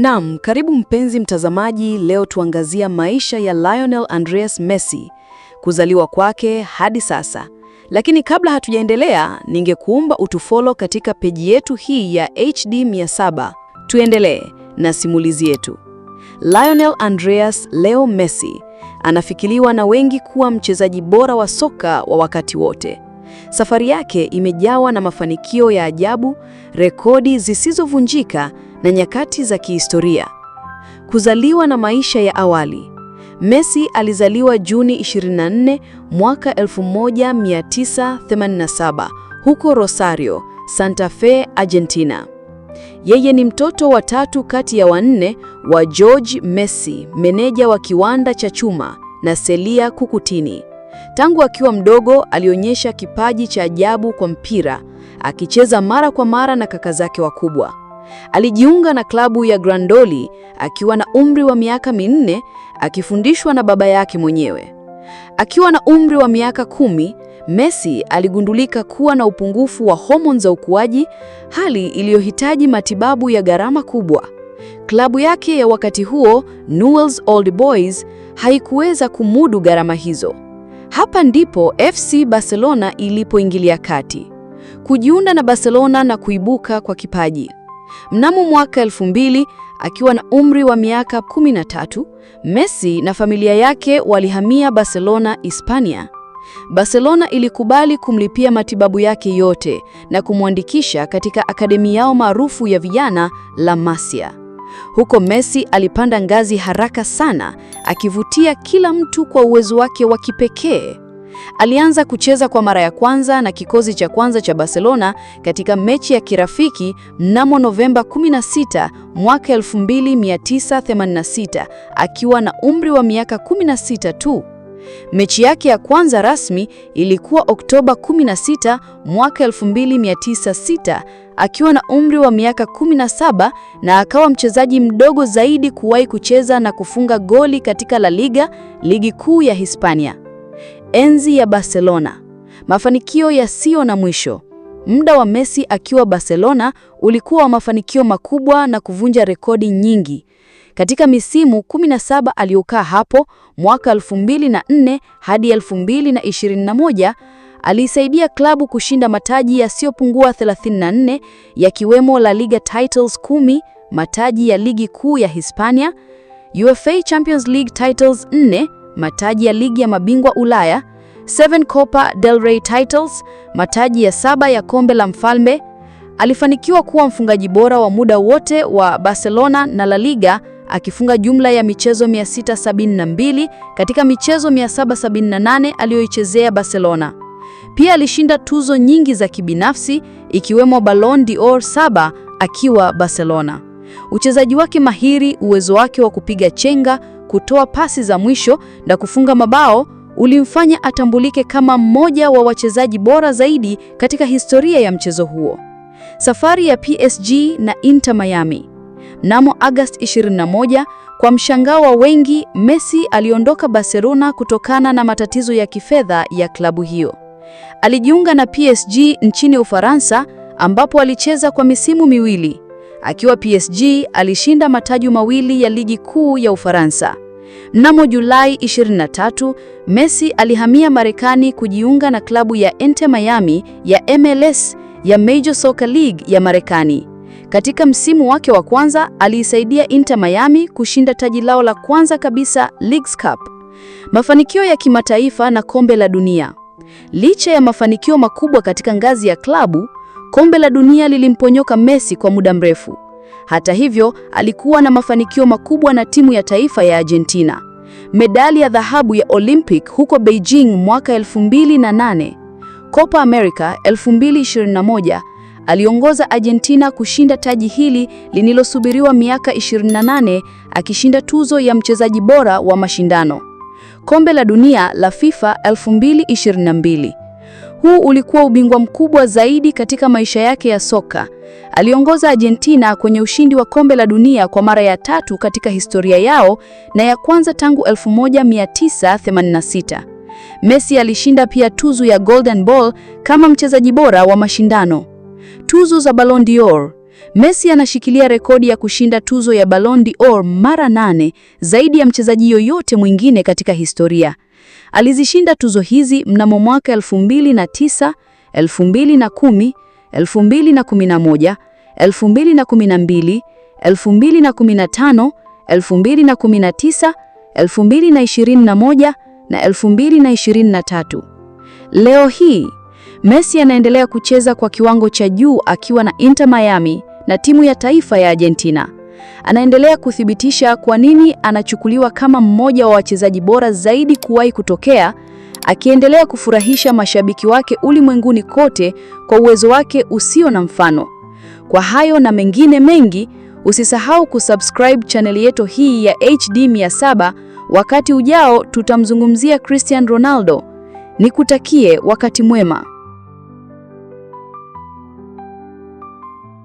Naam, karibu mpenzi mtazamaji, leo tuangazia maisha ya Lionel Andreas Messi, kuzaliwa kwake hadi sasa. Lakini kabla hatujaendelea, ningekuomba utufollow katika peji yetu hii ya HD 700. Tuendelee na simulizi yetu. Lionel Andreas Leo Messi anafikiriwa na wengi kuwa mchezaji bora wa soka wa wakati wote. Safari yake imejawa na mafanikio ya ajabu, rekodi zisizovunjika na nyakati za kihistoria. Kuzaliwa na maisha ya awali. Messi alizaliwa Juni 24 mwaka 1987 huko Rosario, Santa Fe, Argentina. Yeye ni mtoto wa tatu kati ya wanne wa George Messi, meneja wa kiwanda cha chuma, na Celia Kukutini. Tangu akiwa mdogo alionyesha kipaji cha ajabu kwa mpira, akicheza mara kwa mara na kaka zake wakubwa. Alijiunga na klabu ya Grandoli akiwa na umri wa miaka minne akifundishwa na baba yake mwenyewe. Akiwa na umri wa miaka kumi, Messi aligundulika kuwa na upungufu wa homoni za ukuaji, hali iliyohitaji matibabu ya gharama kubwa. Klabu yake ya wakati huo, Newell's Old Boys, haikuweza kumudu gharama hizo. Hapa ndipo FC Barcelona ilipoingilia kati. kujiunda na Barcelona na kuibuka kwa kipaji. Mnamo mwaka mbili akiwa na umri wa miaka 13, Messi na familia yake walihamia Barcelona, Hispania. Barcelona ilikubali kumlipia matibabu yake yote na kumwandikisha katika akademi yao maarufu ya vijana La Masia. Huko Messi alipanda ngazi haraka sana, akivutia kila mtu kwa uwezo wake wa kipekee. Alianza kucheza kwa mara ya kwanza na kikosi cha kwanza cha Barcelona katika mechi ya kirafiki mnamo Novemba 16 mwaka 1986 akiwa na umri wa miaka 16 tu. Mechi yake ya kwanza rasmi ilikuwa Oktoba 16 mwaka 1906 akiwa na umri wa miaka 17 na akawa mchezaji mdogo zaidi kuwahi kucheza na kufunga goli katika La Liga, ligi kuu ya Hispania. Enzi ya Barcelona, mafanikio yasiyo na mwisho. Muda wa Messi akiwa Barcelona ulikuwa wa mafanikio makubwa na kuvunja rekodi nyingi. Katika misimu 17 aliyokaa hapo mwaka 2004 hadi 2021 aliisaidia klabu kushinda mataji yasiyopungua 34 yakiwemo La Liga titles 10, mataji ya ligi kuu ya Hispania, UEFA Champions League titles 4 mataji ya ligi ya mabingwa Ulaya, 7 Copa del Rey titles, mataji ya saba ya kombe la mfalme. Alifanikiwa kuwa mfungaji bora wa muda wote wa Barcelona na La Liga akifunga jumla ya michezo 672 katika michezo 778 aliyoichezea Barcelona. Pia alishinda tuzo nyingi za kibinafsi ikiwemo Ballon d'Or saba akiwa Barcelona. Uchezaji wake mahiri, uwezo wake wa kupiga chenga kutoa pasi za mwisho na kufunga mabao ulimfanya atambulike kama mmoja wa wachezaji bora zaidi katika historia ya mchezo huo. Safari ya PSG na Inter Miami. Mnamo August 21, kwa mshangao wa wengi, Messi aliondoka Barcelona kutokana na matatizo ya kifedha ya klabu hiyo. Alijiunga na PSG nchini Ufaransa ambapo alicheza kwa misimu miwili akiwa PSG alishinda mataju mawili ya ligi kuu ya Ufaransa. Mnamo Julai 23, Messi alihamia Marekani kujiunga na klabu ya Inter Miami ya MLS ya Major Soccer League ya Marekani. Katika msimu wake wa kwanza, aliisaidia Inter Miami kushinda taji lao la kwanza kabisa, Leagues Cup. Mafanikio ya kimataifa na kombe la dunia. Licha ya mafanikio makubwa katika ngazi ya klabu, Kombe la dunia lilimponyoka Messi kwa muda mrefu. Hata hivyo, alikuwa na mafanikio makubwa na timu ya taifa ya Argentina. Medali ya dhahabu ya Olympic huko Beijing mwaka 2008, Copa America 2021, aliongoza Argentina kushinda taji hili linilosubiriwa miaka 28, akishinda tuzo ya mchezaji bora wa mashindano. Kombe la dunia la FIFA 2022 huu ulikuwa ubingwa mkubwa zaidi katika maisha yake ya soka. Aliongoza Argentina kwenye ushindi wa kombe la dunia kwa mara ya tatu katika historia yao na ya kwanza tangu 1986. Messi alishinda pia tuzo ya Golden Ball kama mchezaji bora wa mashindano, tuzo za Ballon d'Or Messi anashikilia rekodi ya kushinda tuzo ya Ballon d'Or mara nane, zaidi ya mchezaji yoyote mwingine katika historia. Alizishinda tuzo hizi mnamo mwaka 2009, 2010, 2011, 2012, 2013, 2014, 2015, 2019, 2021 na 2023. Leo hii Messi anaendelea kucheza kwa kiwango cha juu akiwa na Inter Miami na timu ya taifa ya Argentina. Anaendelea kuthibitisha kwa nini anachukuliwa kama mmoja wa wachezaji bora zaidi kuwahi kutokea, akiendelea kufurahisha mashabiki wake ulimwenguni kote kwa uwezo wake usio na mfano. Kwa hayo na mengine mengi, usisahau kusubscribe chaneli yetu hii ya HD 700. Wakati ujao tutamzungumzia Cristiano Ronaldo. Nikutakie wakati mwema.